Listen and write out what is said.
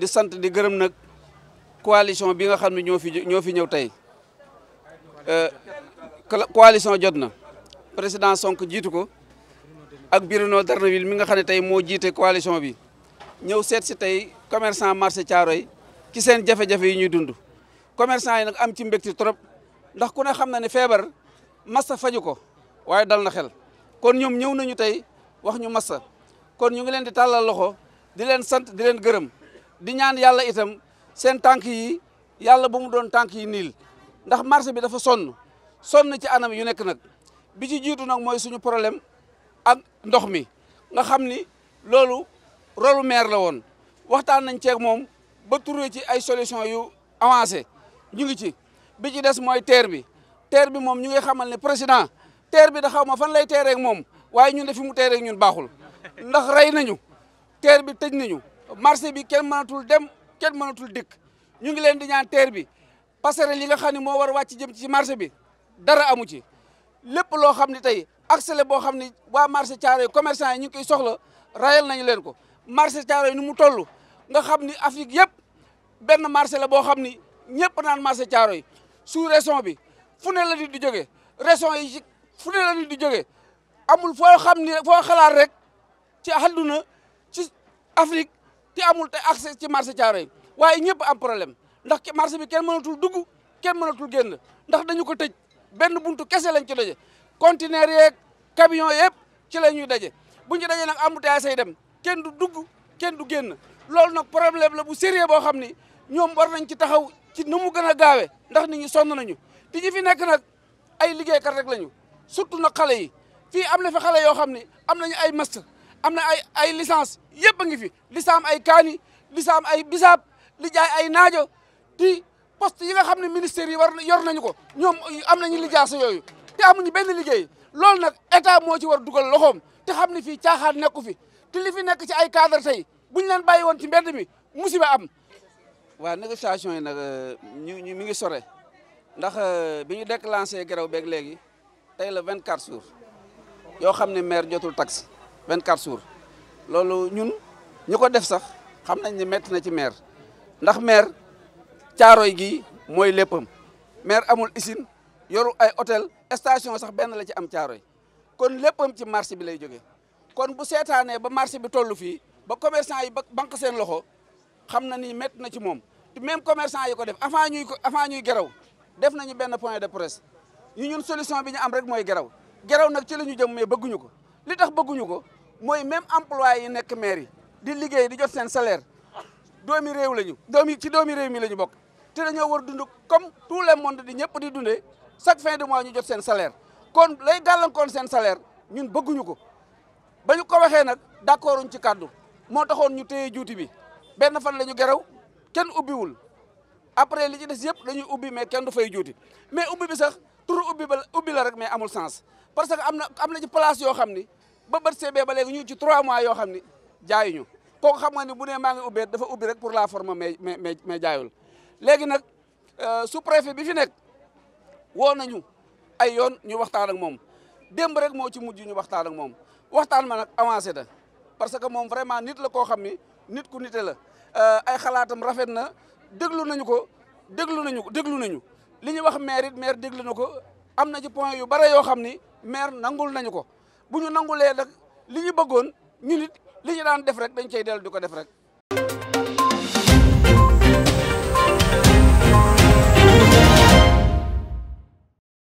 di sant di gërëm nag coalition bi nga xam ne ñoo fi ñoo fi ñëw tey euh, coalition jot na président Sonko jiitu ko ak Bruno Darnaville mi nga xam ne tey moo jiite coalition bi ñëw seet si tey commerçant caaro yi ki seen jafe-jafe yi ñuy dund commerçant yi nag am ci mbégte trop ndax ku ne xam na ne feebar massa faju ko waaye dal na xel kon ñoom ñëw nañu tey wax ñu massa kon ñu ngi leen di tàllal loxo di leen sant di leen gërëm di ñaan yàlla itam seen tànk yi yàlla ba mu doon tànk yi niil ndax marché bi dafa sonn sonn ci anam yu nekk nag bi ci jiitu nag mooy suñu problème ak ndox mi nga xam ni loolu rolu meer la woon waxtaan nañ ceeg moom ba trouvé ci ay solution yu avancé ñu ngi ci bi ci des mooy terre bi terre bi moom ñu ngi xamal ne président terre bi da xaw ma fan lay teereeg moom waaye ñu ne fi mu teereeg ñun baaxul ndax rey nañu terre bi tëj nañu marché bi kenn mënatul dem kenn mënatul dikk ñu ngi leen di ñaan teer bi passerelle li nga xam ne moo war a wàcc jëm ci marché bi dara amu ci lépp loo xam ne tey accès boo xam ne waa marché Thiaroye commerçant yi ñu koy soxla rayal nañu leen ko marché Thiaroye ni mu toll nga xam ni Afrique yëpp benn marché la boo xam ni ñëpp naan marché Thiaroye sous région bi fu ne di jógee région yi ci fu ne la nit di jógee amul foo xam ne foo xalaat rek ci àdduna ci Afrique te amul te accès ci marché Thiaroye waaye ñëpp am problème ndax marché bi kenn mënatul dugg kenn mënatul génn ndax dañu ko tëj benn buntu kese lañ ci daje conteneur yeeg camion yëpp ci la ñuy daje bu ñu dajee nag embouteillage say dem kenn du dugg kenn du génn loolu nag problème la bu sérieux boo xam ni ñoom war nañ ci taxaw ci nu mu gën a gaawee ndax nit ñi sonn nañu ti ñi fi nekk nag ay liggéeykat rek lañu surtout nag xale yi fii am na fi xale yoo xam ni am nañu ay master am na ay ay licence yëpp a ngi fi li ay kaani li ay bisaab li jaay ay naajo di poste yi nga xam ne ministère yi war yor nañu ko ñoom am nañu lijaasa yooyu te amuñu benn liggéey loolu nag état moo ci war dugal loxoom te xam ne fii caaxaan nekku fi te li fi nekk ci ay cadre tey buñu leen bàyyi woon ci mbedd mi musiba am waa négociation yi nag euh, ñu ñu mi ngi sore ndax euh, bi ñu déclenché grève beeg léegi tey la vingt quatre jours yoo xam ne maire jotul taxe 24 jours loolu ñun ñu ko def sax xam nañ ne métti na ci maire ndax maire caaroy gi mooy léppam maire amul usine yoru ay hôtel station sax benn la ci am caaroy kon léppam ci marché bi lay jógee kon bu seetaanee ba marché bi toll fii ba commerçant yi ba banque seen loxo xam na ni métti na ci moom même commerçant yi ko def avant ñuy ko avant ñuy geraw def nañu benn point de presse ñu ñun solution bi ñu am rek mooy geraw geraw nag ci la ñu jëm mais bëgguñu ko li tax bëgguñu ko mooy même employé yi nekk maire yi di liggéey di jot seen salaire doomi réew lañu doomi ci doomi réew mi la ñu bokk te dañoo war dund comme tu le monde di ñëpp di dundee chaque fin de mois ñu jot seen salaire kon lay gàllankoon seen salaire ñun bëgguñu ko ba ñu ko waxee nag d'accorduñ ci kàddu moo taxoon ñu téye juuti bi benn fan la ñu geraw kenn ubbiwul après li ci des yëpp dañuy ubbi mais kenn du fay juuti mais ubbi bi sax pour ubbi ba ubbi la rek mais amul sens parce que am na am na ci yoo xam ni ba bët CB ba léegi ñu ci trois mois yoo xam ni jaayuñu kooku xam nga ni bu nee maa ngi ubbee dafa ubbi rek pour la forme mais mais mais jaayul léegi nag euh, sous préfet bi fi nekk woo nañu ay yoon ñu waxtaan ak moom démb rek moo ci mujj ñu waxtaan ak moom waxtaan ma nag avancé na parce que moom vraiment nit la koo xam ni nit ku nite la euh, ay xalaatam rafet na déglu nañu ko déglu nañu déglu nañu li ñu wax maire it maire déglu na ko am na ci point yu bare yoo xam ni maire nangul nañu ko bu ñu nangulee nag li ñu bëggoon ñun it li ñu daan def rek dañ cay dellu di ko def rek